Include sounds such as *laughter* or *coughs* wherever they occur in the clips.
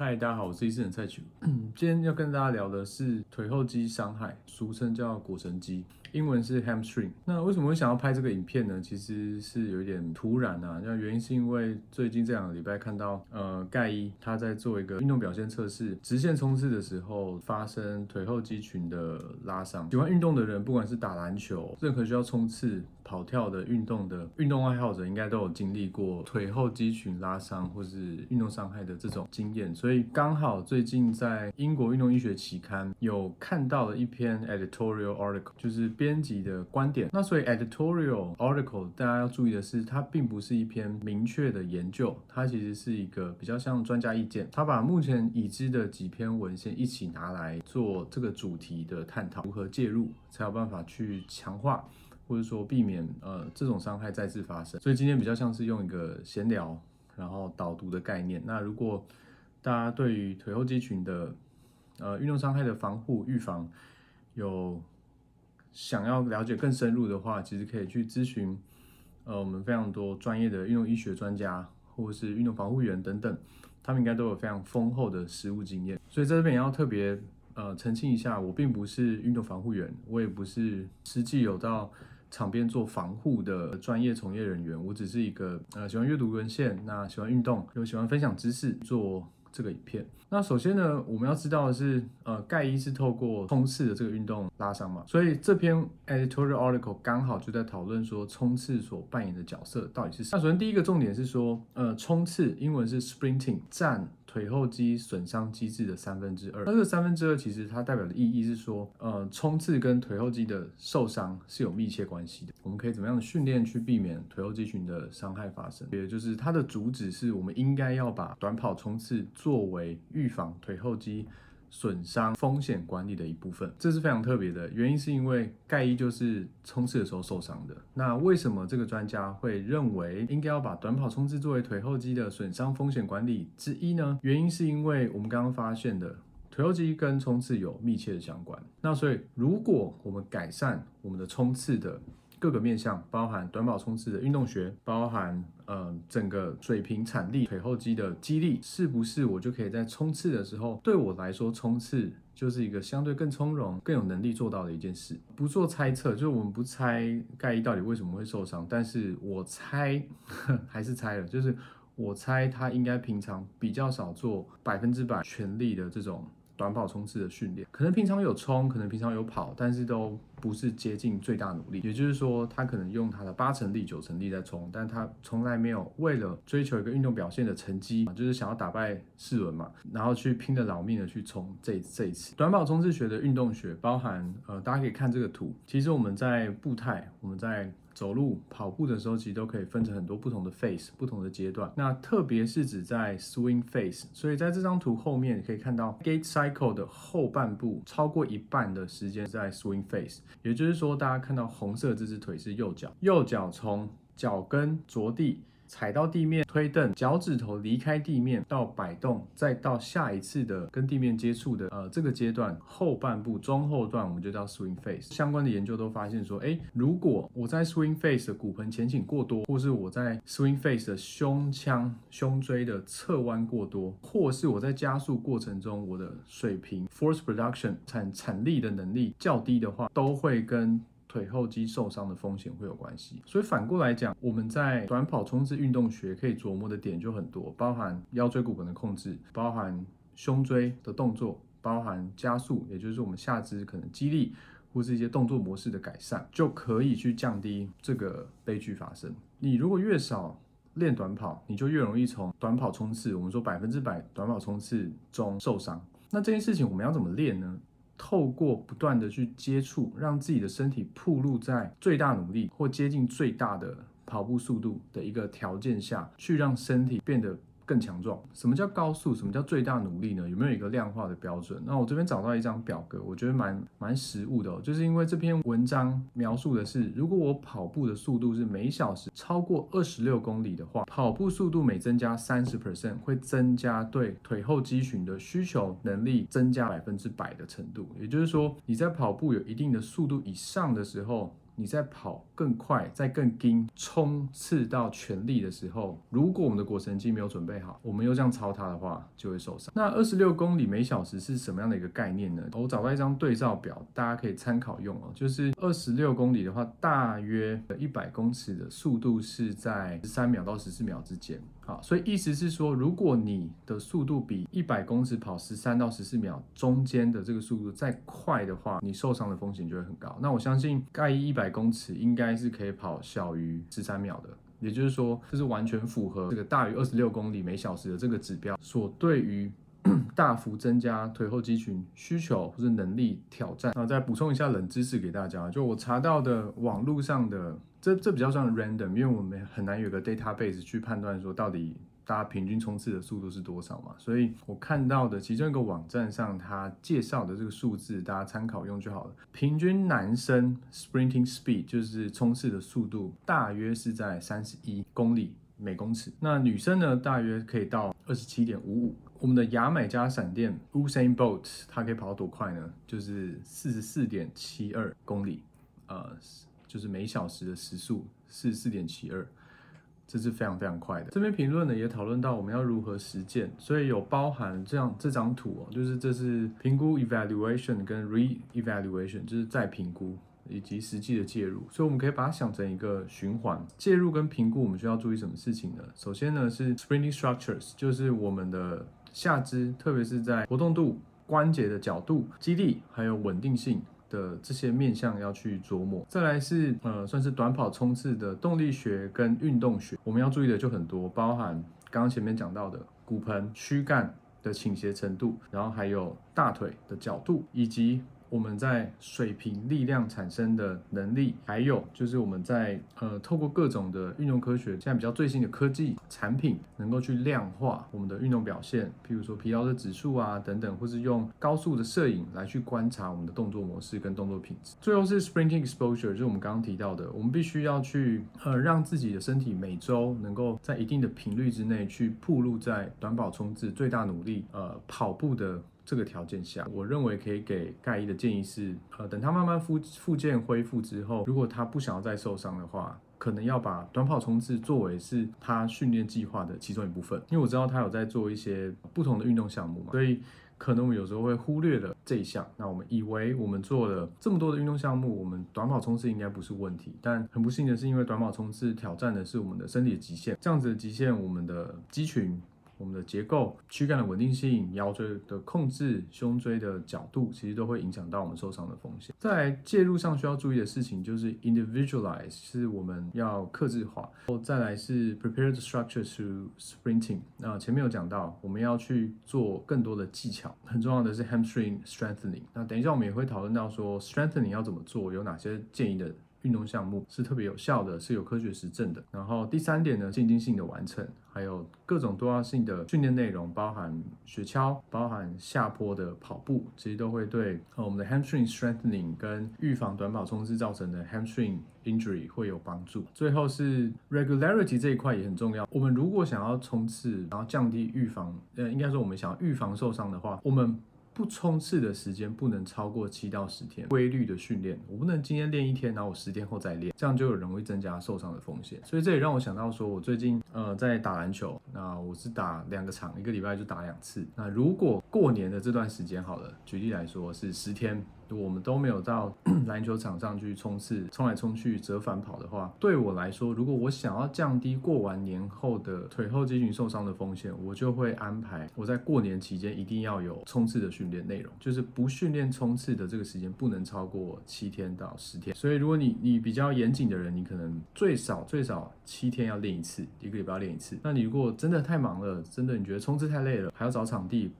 嗨，大家好，我是醫適能蔡奇儒，嗯 *coughs* 今天要跟大家聊的是腿後肌傷害，俗稱叫膕繩肌。英文是 hamstring。那為什麼會想要拍這個影片呢？其實是有一點突然啊。那原因是因為最近這兩個禮拜看到呃蓋伊他在做一個運動表現測試，直線衝刺的時候發生腿後肌群的拉傷。喜歡運動的人，不管是打籃球，任何需要衝刺、跑跳的運動的運動愛好者，應該都有經歷過腿後肌群拉傷或是運動傷害的這種經驗。所以剛好最近在英國運動醫學期刊有看到了一篇 editorial article，就是。編輯的觀點，那所以 Editorial article，大家要注意的是，它並不是一篇明確的研究，它其實是一個比較像專家意見。它把目前已知的幾篇文獻一起拿來做這個主題的探討，如何介入才有辦法去強化，或者說避免呃這種傷害再次發生。所以今天比較像是用一個閒聊，然後導讀的概念。那如果大家對於腿後肌群的呃運動傷害的防護預防有。想要了解更深入的話，其實可以去諮詢，呃，我們非常多專業的運動醫學專家，或者是運動防護員等等，他們應該都有非常豐厚的實務經驗。所以在這邊也要特別呃澄清一下，我並不是運動防護員，我也不是實際有到場邊做防護的專業從業人員，我只是一個呃喜歡閱讀文獻、那喜歡運動、又喜歡分享知識做。這個影片，那首先呢，我們要知道的是，呃，蓋伊是透過衝刺的這個運動拉傷嘛，所以這篇 editorial article 剛好就在討論說，衝刺所扮演的角色到底是什麼。那首先第一個重點是說，呃，衝刺英文是 sprinting，站腿後肌損傷機制的三分之二，那這個三分之二其實它代表的意義是說，呃，衝刺跟腿後肌的受傷是有密切關係的。我們可以怎麼樣訓練去避免腿後肌群的傷害發生？也就是它的主旨是我們應該要把短跑衝刺作為預防腿後肌。損傷風險管理的一部分，這是非常特別的，原因是因為蓋伊就是衝刺的時候受傷的。那為什麼這個專家會認為應該要把短跑衝刺作為腿後肌的損傷風險管理之一呢？原因是因為我們剛剛發現的腿後肌跟衝刺有密切的相關。那所以，如果我們改善我們的衝刺的各個面向，包含短跑衝刺的運動學，包含嗯、呃，整個水平、產力、腿後肌的肌力，是不是我就可以在衝刺的時候，對我來說，衝刺就是一個相對更從容、更有能力做到的一件事？不做猜測，就是我們不猜蓋伊到底為什麼會受傷，但是我猜，呵，還是猜了，就是我猜他應該平常比較少做百分之百全力的這種。短跑衝刺的訓練，可能平常有衝，可能平常有跑，但是都不是接近最大努力。也就是說，他可能用他的八成力、九成力在衝，但他從來沒有為了追求一個運動表現的成績，就是想要打敗世文嘛，然後去拼了老命的去衝這這一次。短跑衝刺學的運動學包含，呃，大家可以看這個圖。其實我們在步態，我們在走路、跑步的時候，其實都可以分成很多不同的 phase，不同的階段。那特別是指在 swing phase，所以在這張圖後面你可以看到 gait cycle 的後半部，超過一半的時間在 swing phase，也就是說，大家看到紅色這隻腿是右腳，右腳從腳跟着地。踩到地面推蹬，腳趾頭離開地面到擺動，再到下一次的跟地面接觸的呃這個階段後半部中後段，我們就叫 swing phase。相關的研究都發現說，哎、欸，如果我在 swing phase 的骨盆前傾過多，或是我在 swing phase 的胸腔、胸椎的側彎過多，或是我在加速過程中我的水平 force production 產產力的能力較低的話，都會跟腿後肌受傷的風險會有關係，所以反過來講，我們在短跑衝刺運動學可以琢磨的點就很多，包含腰椎骨盆的控制，包含胸椎的動作，包含加速，也就是我們下肢可能肌力或是一些動作模式的改善，就可以去降低這個悲劇發生。你如果越少練短跑，你就越容易從短跑衝刺，我們說百分之百短跑衝刺中受傷。那這件事情我們要怎麼練呢？透過不斷的去接觸，讓自己的身體暴露在最大努力或接近最大的跑步速度的一個條件下，去讓身體變得。更強壯？什麼叫高速？什麼叫最大努力呢？有沒有一個量化的標準？那我這邊找到一張表格，我覺得蠻蠻實務的哦。就是因為這篇文章描述的是，如果我跑步的速度是每小時超過二十六公里的話，跑步速度每增加三十 percent，會增加對腿後肌群的需求能力增加百分之百的程度。也就是說，你在跑步有一定的速度以上的時候。你在跑更快，再更精、衝刺到全力的時候，如果我們的膕繩肌沒有準備好，我們又這樣操它的話，就會受傷。那二十六公里每小時是什麼樣的一個概念呢？我找到一張對照表，大家可以參考用哦。就是二十六公里的話，大約一百公尺的速度是在十三秒到十四秒之間。好，所以意思是說，如果你的速度比一百公尺跑十三到十四秒中間的這個速度再快的話，你受傷的風險就會很高。那我相信蓋伊一百公尺應該是可以跑小於十三秒的，也就是說，這是完全符合這個大於二十六公里每小時的這個指標所對於。 *coughs* 大幅增加腿後肌群需求或者能力挑戰。那再補充一下冷知識給大家，就我查到的網絡上的，這這比較算 random，因為我們很難有個 database 去判斷說到底大家平均衝刺的速度是多少嘛。所以我看到的其中一個網站上，它介紹的這個數字，大家參考用就好了。平均男生 sprinting speed 就是衝刺的速度，大約是在三十一公里每公尺。那女生呢，大約可以到二十七點五五。我們的牙買加閃電 Usain Bolt 它可以跑到多快呢？就是四十四點七二公里，呃，就是每小時的時速四十四點七二，這是非常非常快的。這篇評論呢，也討論到我們要如何實踐，所以有包含這樣這張圖哦，就是這是評估 evaluation 跟 re-evaluation，就是再評估以及實際的介入，所以我們可以把它想成一個循環介入跟評估。我們需要注意什麼事情呢？首先呢是 sprinting structures，就是我們的。下肢，特別是在活動度、關節的角度、肌力，還有穩定性的這些面向要去琢磨。再來是呃，算是短跑衝刺的動力學跟運動學，我們要注意的就很多，包含剛剛前面講到的骨盆、軀幹的傾斜程度，然後還有大腿的角度，以及。我們在水平力量產生的能力，還有就是我們在呃透過各種的運動科學，現在比較最新的科技產品，能夠去量化我們的運動表現，譬如說疲勞的指數啊等等，或是用高速的攝影來去觀察我們的動作模式跟動作品質。最後是 sprinting exposure，就是我們剛剛提到的，我們必須要去呃讓自己的身體每週能夠在一定的頻率之內去暴露在短跑衝刺最大努力呃跑步的。這個條件下，我認為可以給蓋伊的建議是，呃，等他慢慢復復健恢復之後，如果他不想要再受傷的話，可能要把短跑衝刺作為是他訓練計劃的其中一部分。因為我知道他有在做一些不同的運動項目嘛，所以可能我們有時候會忽略了這一項。那我們以為我們做了這麼多的運動項目，我們短跑衝刺應該不是問題。但很不幸的是，因為短跑衝刺挑戰的是我們的身體的極限，這樣子的極限，我們的肌群。我們的結構、軀幹的穩定性、腰椎的控制、胸椎的角度，其實都會影響到我們受傷的風險。在介入上需要注意的事情就是 individualize，是我們要客製化；然後再來是 prepare the structure to sprinting。那前面有講到，我們要去做更多的技巧，很重要的是 hamstring strengthening。那等一下我們也會討論到說 strengthening 要怎麼做，有哪些建議的。運動項目是特別有效的，是有科學實證的。然後第三點呢，漸進性的完成，還有各種多樣性的訓練內容，包含雪橇，包含下坡的跑步，其實都會對我們的 hamstring strengthening 跟預防短跑衝刺造成的 hamstring injury 會有幫助。最後是 regularity 這一塊也很重要。我們如果想要衝刺，然後降低預防，呃，應該說我們想要預防受傷的話，我們不衝刺的時間不能超過七到十天，規律的訓練，我不能今天練一天，然後我十天後再練，這樣就容易增加受傷的風險。所以這也讓我想到，說我最近呃在打籃球，那我是打兩個場，一個禮拜就打兩次。那如果過年的這段時間好了，舉例來說是十天。我們都沒有到呵呵籃球場上去衝刺，衝來衝去折返跑的話，對我來說，如果我想要降低過完年後的腿後肌群受傷的風險，我就會安排我在過年期間一定要有衝刺的訓練內容，就是不訓練衝刺的這個時間不能超過七天到十天。所以，如果你你比較嚴謹的人，你可能最少最少七天要練一次，一個禮拜要練一次。那你如果真的太忙了，真的你覺得衝刺太累了，還要找場地。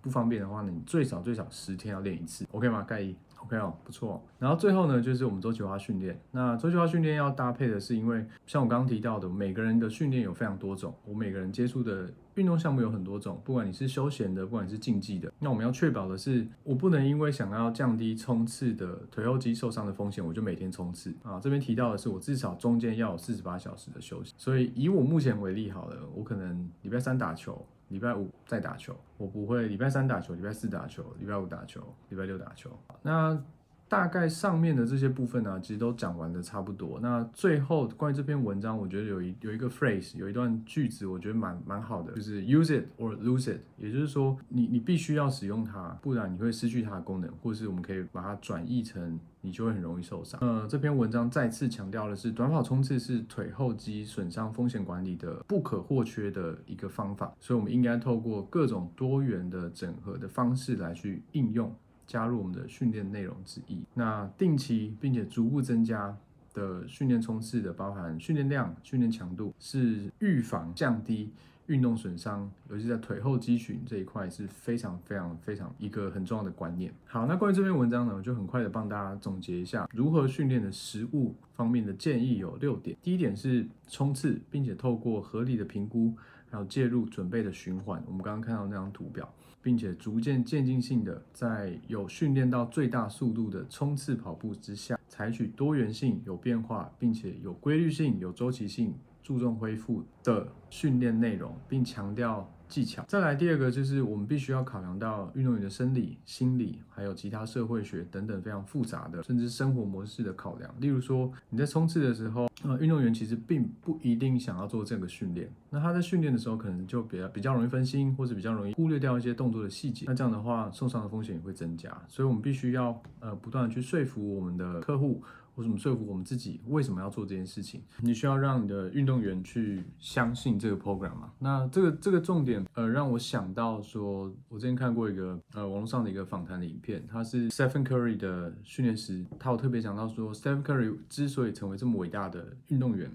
不方便的話呢，你最少最少十天要練一次，OK 嗎？蓋伊，OK 哦，不錯哦。然後最後呢，就是我們周期化訓練。那周期化訓練要搭配的是，因為像我剛剛提到的，每個人的訓練有非常多種，我每個人接觸的運動項目有很多種，不管你是休閒的，不管你是競技的，那我們要確保的是，我不能因為想要降低衝刺的腿後肌受傷的風險，我就每天衝刺啊。這邊提到的是，我至少中間要有四十八小時的休息。所以以我目前為例好了，我可能禮拜三打球。禮拜五再打球，我不會禮拜三打球，禮拜四打球，禮拜五打球，禮拜六打球。那。大概上面的這些部分呢、啊，其實都講完的差不多。那最後關於這篇文章，我覺得有一有一個 phrase，有一段句子，我覺得蠻蠻好的，就是 use it or lose it，也就是說你，你你必須要使用它，不然你會失去它的功能，或者是我們可以把它轉譯成，你就會很容易受傷。呃，這篇文章再次強調的是，短跑衝刺是腿後肌損傷風險管理的不可或缺的一個方法，所以我們應該透過各種多元的整合的方式來去應用。加入我們的訓練內容之一，那定期並且逐步增加的訓練衝刺的，包含訓練量、訓練強度，是預防降低運動損傷，尤其在腿後肌群，這一塊是非常非常非常一個很重要的觀念。好，那關於這篇文章呢，我就很快的幫大家總結一下如何訓練的實務方面的建議有六點。第一點是衝刺，並且透過合理的評估，還有介入準備的循環。我們剛剛看到那張圖表。並且逐漸漸進性的，在有訓練到最大速度的衝刺跑步之下，採取多元性、有變化，並且有規律性、有周期性。注重恢復的訓練內容，並強調技巧。再來第二個就是，我們必須要考量到運動員的生理、心理，還有其他社會學等等非常複雜的，甚至生活模式的考量。例如說，你在衝刺的時候，那，呃，運動員其實並不一定想要做這個訓練。那他在訓練的時候，可能就比較比較容易分心，或者比較容易忽略掉一些動作的細節。那這樣的話，受傷的風險也會增加。所以，我們必須要呃，不斷的去說服我們的客戶。我怎麼說服我們自己？為什麼要做這件事情？你需要讓你的運動員去相信這個 program 嗎？那這個這個重點，呃，讓我想到說，我之前看過一個呃網絡上的一個訪談的影片，他是 Stephen Curry 的訓練師，他有特別講到說，Stephen Curry 之所以成為這麼偉大的運動員。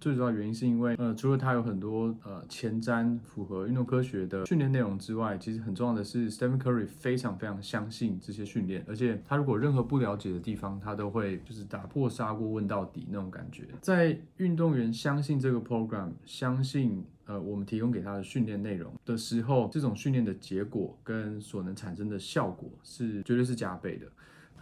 最主要原因是因為，呃，除了他有很多呃前瞻、符合運動科學的訓練內容之外，其實很重要的是 Stephen Curry 非常非常相信這些訓練，而且他如果任何不了解的地方，他都會就是打破砂鍋問到底那種感覺。在運動員相信這個 program，相信呃我們提供給他的訓練內容的時候，這種訓練的結果跟所能產生的效果是絕對是加倍的。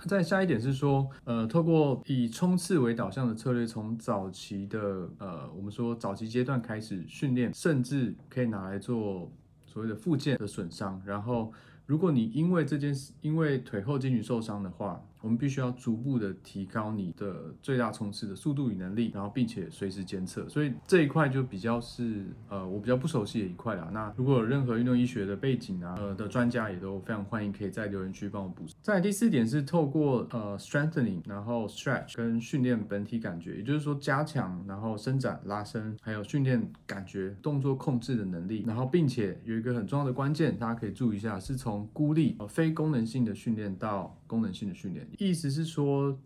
再下一點是說，呃，透過以衝刺為導向的策略，從早期的呃，我們說早期階段開始訓練，甚至可以拿來做所謂的復健的損傷，然後。如果你因為這件事，因為腿後肌群受傷的話，我們必須要逐步的提高你的最大衝刺的速度與能力，然後並且隨時監測。所以這一塊就比較是呃，我比較不熟悉的一塊啦。那如果有任何運動醫學的背景啊，呃的專家也都非常歡迎可以在留言區幫我補充。再來第四點是透過呃 strengthening，然後 stretch 跟訓練本體感覺，也就是說，加強然後伸展拉伸，還有訓練感覺動作控制的能力，然後並且有一個很重要的關鍵，大家可以注意一下，是從從孤立、非功能性的訓練到功能性的訓練，意思是說，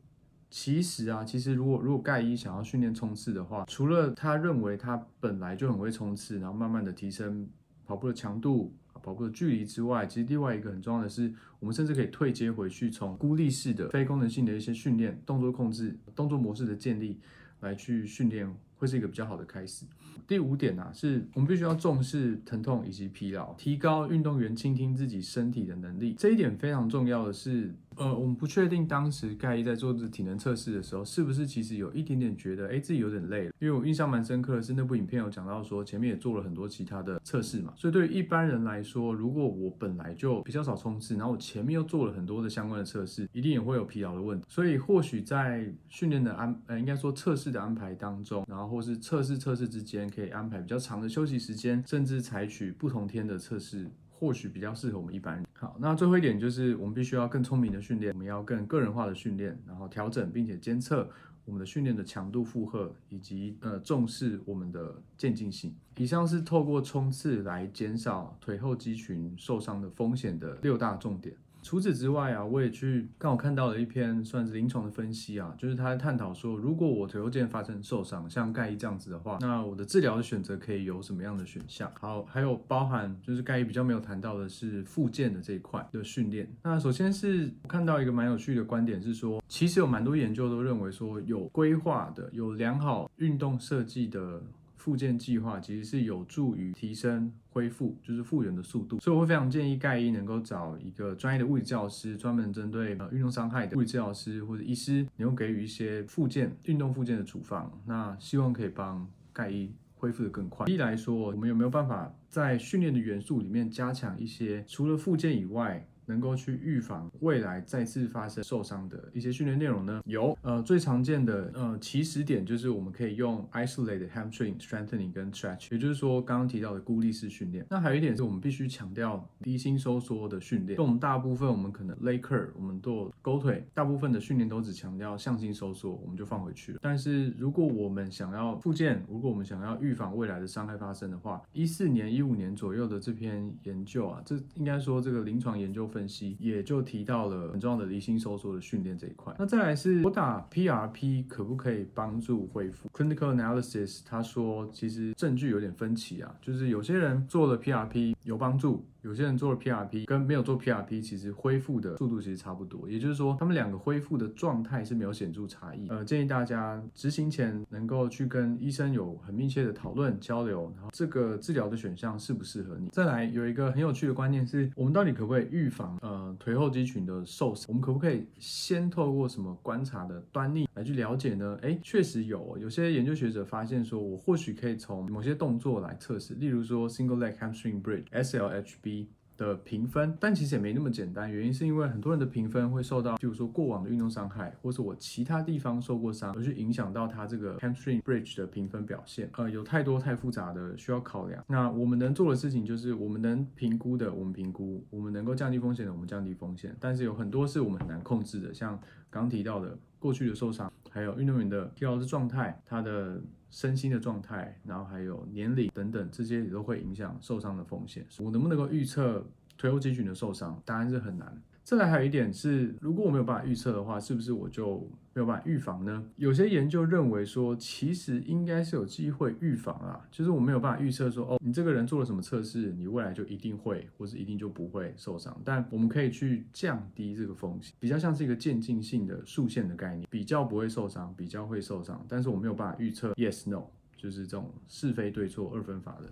其實啊，其實如果如果蓋伊想要訓練衝刺的話，除了他認為他本來就很會衝刺，然後慢慢的提升跑步的強度、啊、跑步的距離之外，其實另外一個很重要的是，我們甚至可以退階回去，從孤立式的非功能性的一些訓練、動作控制、動作模式的建立來去訓練。會是一個比較好的開始。第五點呢、啊，是我們必須要重視疼痛以及疲勞，提高運動員傾聽自己身體的能力。這一點非常重要的是，呃，我們不確定當時蓋伊在做這體能測試的時候，是不是其實有一點點覺得，哎，自己有點累了。因為我印象蠻深刻的是，那部影片有講到說，前面也做了很多其他的測試嘛。所以對於一般人來說，如果我本來就比較少衝刺，然後我前面又做了很多的相關的測試，一定也會有疲勞的問題。所以或許在訓練的安，呃，應該說測試的安排當中，然後。或是測試測試之間可以安排比較長的休息時間，甚至採取不同天的測試，或許比較適合我們一般人。好，那最後一點就是我們必須要更聰明的訓練，我們要更個人化的訓練，然後調整並且監測我們的訓練的強度負荷，以及呃重視我們的漸進性。以上是透過衝刺來減少腿後肌群受傷的風險的六大重點。除此之外啊，我也去剛好看到了一篇算是臨床的分析啊，就是他在探討說，如果我腿後腱發生受傷，像蓋伊這樣子的話，那我的治療的選擇可以有什麼樣的選項？好，還有包含就是蓋伊比較沒有談到的是復健的這一塊的訓練。那首先是我看到一個蠻有趣的觀點，是說其實有蠻多研究都認為說，有規劃的、有良好運動設計的。復健計劃其實是有助於提升恢復，就是復原的速度，所以我會非常建議蓋伊能夠找一個專業的物理教師，專門針對呃運動傷害的物理治療師或者醫師，能夠給予一些復健運動復健的處方，那希望可以幫蓋伊恢復得更快。一來說，我們有沒有辦法在訓練的元素裡面加強一些，除了復健以外？能夠去預防未來再次發生受傷的一些訓練內容呢？有，呃，最常見的呃起始點就是我們可以用 isolated hamstring strengthening 跟 stretch，也就是說剛剛提到的孤立式訓練。那還有一點是我們必須強調離心收縮的訓練。我們大部分我們可能 laker 我們做勾腿，大部分的訓練都只強調向心收縮，我們就放回去了。但是如果我們想要復健，如果我們想要預防未來的傷害發生的話，一四年一五年左右的這篇研究啊，這應該說這個臨床研究。分析也就提到了很重要的離心收縮的訓練這一塊。那再來是，我打 PRP 可不可以幫助恢復？Clinical analysis 他說，其實證據有點分歧啊，就是有些人做了 PRP 有幫助。有些人做了 P R P，跟沒有做 P R P，其實恢復的速度其實差不多，也就是說，他們兩個恢復的狀態是沒有顯著差異。呃，建議大家執行前能夠去跟醫生有很密切的討論交流，然後這個治療的選項適不適合你。再來，有一個很有趣的觀念是，我們到底可不可以預防呃腿後肌群的受損？我們可不可以先透過什麼觀察的端倪來去了解呢？哎，確實有，有些研究學者發現說，我或許可以從某些動作來測試，例如說 Single Leg Hamstring Bridge (SLHB)。的評分，但其實也沒那麼簡單，原因是因為很多人的評分會受到，譬如說過往的運動傷害，或是我其他地方受過傷，而去影響到他這個 hamstring bridge 的評分表現，呃，有太多太複雜的需要考量。那我們能做的事情就是我，我們能評估的我們評估，我們能夠降低風險的我們降低風險，但是有很多是我們很難控制的，像剛提到的過去的受傷，還有運動員的疲勞的狀態，他的身心的狀態，然後還有年齡等等，這些也都會影響受傷的風險。我能不能夠預測腿後肌群的受傷？答案是很難。再來還有一點是，如果我沒有辦法預測的話，是不是我就？沒有辦法預防呢？有些研究認為說，其實應該是有機會預防啊。就是我沒有辦法預測說，哦，你這個人做了什麼測試，你未來就一定會，或是一定就不會受傷。但我們可以去降低這個風險，比較像是一個漸進性的數線的概念，比較不會受傷，比較會受傷。但是我沒有辦法預測，yes no，就是這種是非對錯二分法的。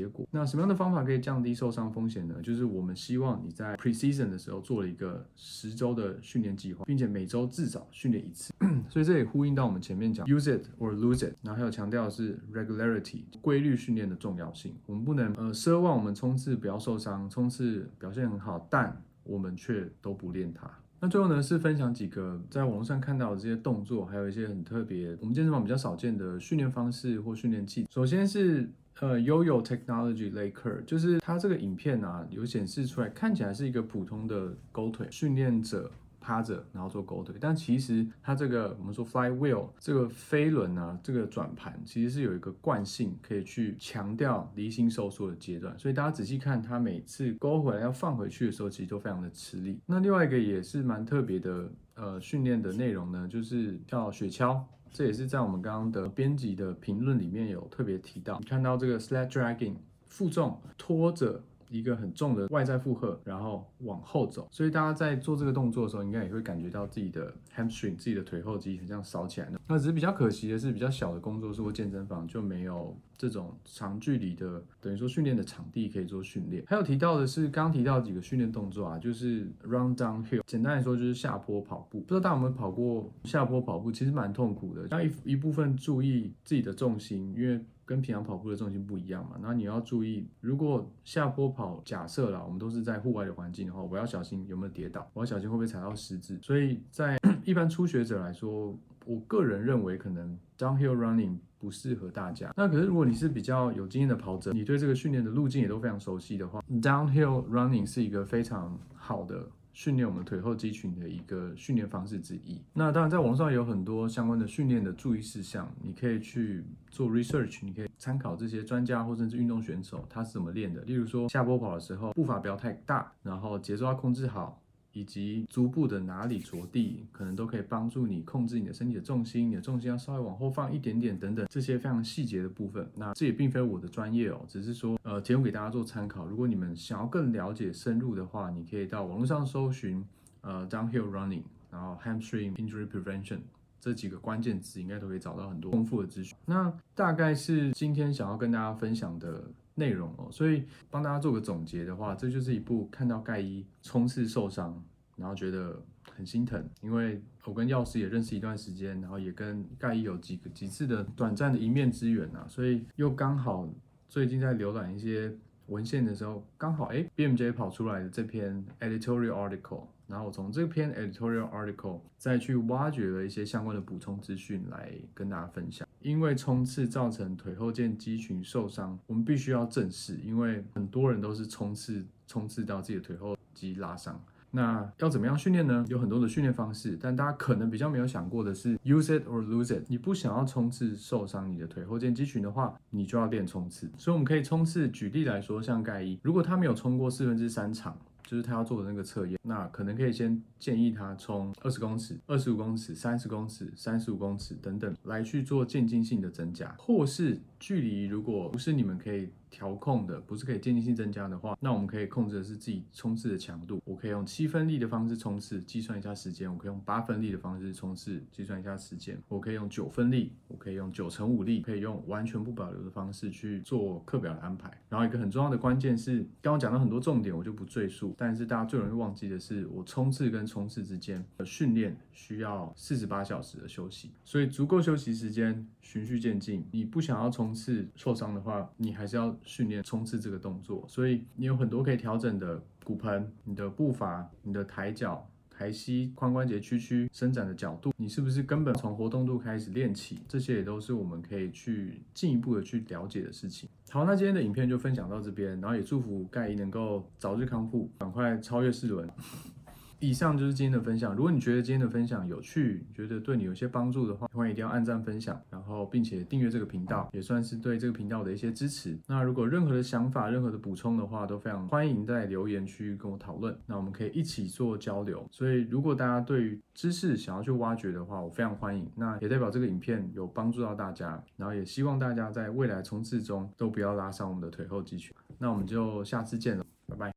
結果，那什麼樣的方法可以降低受傷風險呢？就是我們希望你在 preseason 的時候做了一個十周的訓練計劃，並且每周至少訓練一次。 *coughs* 所以這也呼應到我們前面講 *coughs* use it or lose it，然後還有強調的是 regularity 規律訓練的重要性。我們不能呃奢望我們衝刺不要受傷，衝刺表現很好，但我們卻都不練它。那最後呢，是分享幾個在網絡上看到的這些動作，還有一些很特別，我們健身房比較少見的訓練方式或訓練器。首先是。呃、uh，Yoyo Technology Laker，就是它這個影片啊，有顯示出來，看起來是一個普通的勾腿訓練者趴着，然後做勾腿。但其實它這個我們說 flywheel 這個飛輪啊，這個轉盤其實是有一個慣性，可以去強調離心收縮的階段。所以大家仔細看，它每次勾回來要放回去的時候，其實都非常的吃力。那另外一個也是蠻特別的，呃，訓練的內容呢，就是跳雪橇。這也是在我們剛剛的編輯的評論裡面有特別提到，你看到這個 sled dragging，負重拖着。一個很重的外在負荷，然後往後走，所以大家在做這個動作的時候，應該也會感覺到自己的 hamstring，自己的腿後肌是這樣燒起來的。那只是比較可惜的是，比較小的工作室或健身房就沒有這種長距離的，等於說訓練的場地可以做訓練。還有提到的是，剛剛提到的幾個訓練動作啊，就是 run downhill，簡單來說就是下坡跑步。不知道大家有沒有跑過下坡跑步，其實蠻痛苦的，要一一部分注意自己的重心，因為。跟平常跑步的重心不一樣嘛，那你要注意，如果下坡跑，假設啦，我們都是在戶外的環境的話，我要小心有沒有跌倒，我要小心會不會踩到石子。所以在一般初學者來說，我個人認為可能 downhill running 不適合大家。那可是如果你是比較有經驗的跑者，你對這個訓練的路徑也都非常熟悉的話，downhill running 是一個非常好的，訓練我們腿後肌群的一個訓練方式之一。那當然，在網上有很多相關的訓練的注意事項，你可以去做 research，你可以參考這些專家或甚至運動選手他是怎麼練的。例如說，下坡跑的時候步伐不要太大，然後節奏要控制好。以及足部的哪裡着地，可能都可以幫助你控制你的身體的重心，你的重心要稍微往後放一點點等等，這些非常細節的部分。那這也並非我的專業哦，只是說呃提供給大家做參考。如果你們想要更了解深入的話，你可以到網絡上搜尋呃 downhill running，然後 hamstring injury prevention 這幾個關鍵詞，應該都可以找到很多豐富的資訊。那大概是今天想要跟大家分享的。內容哦，所以幫大家做個總結的話，這就是一部看到蓋伊衝刺受傷，然後覺得很心疼，因為我跟藥師也認識一段時間，然後也跟蓋伊有幾個幾次的短暫的一面之緣啊，所以又剛好最近在瀏覽一些文獻的時候，剛好，哎，BMJ 跑出來的這篇 editorial article，然後我從這篇 editorial article 再去挖掘了一些相關的補充資訊來跟大家分享。因為衝刺造成腿後腱肌群受傷，我們必須要正視，因為很多人都是衝刺，衝刺到自己的腿後肌拉傷。那要怎麼樣訓練呢？有很多的訓練方式，但大家可能比較沒有想過的是，use it or lose it。你不想要衝刺受傷你的腿後腱肌群的話，你就要練衝刺。所以我們可以衝刺，舉例來說，像蓋伊，如果他沒有衝過四分之三場。就是他要做的那個測驗，那可能可以先建議他從二十公尺、二十五公尺、三十公尺、三十五公尺等等來去做漸進性的增加，或是距離，如果不是你們可以。調控的不是可以漸進性增加的話，那我們可以控制的是自己衝刺的強度。我可以用七分力的方式衝刺，計算一下時間；我可以用八分力的方式衝刺，計算一下時間；我可以用九分力，我可以用九成五力，可以用完全不保留的方式去做課表的安排。然後一個很重要的關鍵是，剛剛講到很多重點，我就不贅述。但是大家最容易忘記的是，我衝刺跟衝刺之間的訓練需要四十八小時的休息，所以足夠休息時間，循序漸進。你不想要衝刺受傷的話，你還是要。訓練衝刺這個動作，所以你有很多可以調整的骨盆、你的步伐、你的抬腳、抬膝、髖關節屈曲，曲、伸展的角度，你是不是根本從活動度開始練起？這些也都是我們可以去進一步的去了解的事情。好，那今天的影片就分享到這邊，然後也祝福蓋伊能夠早日康復，趕快超越四輪。以上就是今天的分享。如果你覺得今天的分享有趣，覺得對你有些幫助的話，歡迎一定要按讚、分享，然後並且訂閱這個頻道，也算是對這個頻道的一些支持。那如果任何的想法、任何的補充的話，都非常歡迎在留言區跟我討論。那我們可以一起做交流。所以如果大家對於知識想要去挖掘的話，我非常歡迎。那也代表這個影片有幫助到大家，然後也希望大家在未來衝刺中都不要拉傷我們的腿後肌群。那我們就下次見了，拜拜。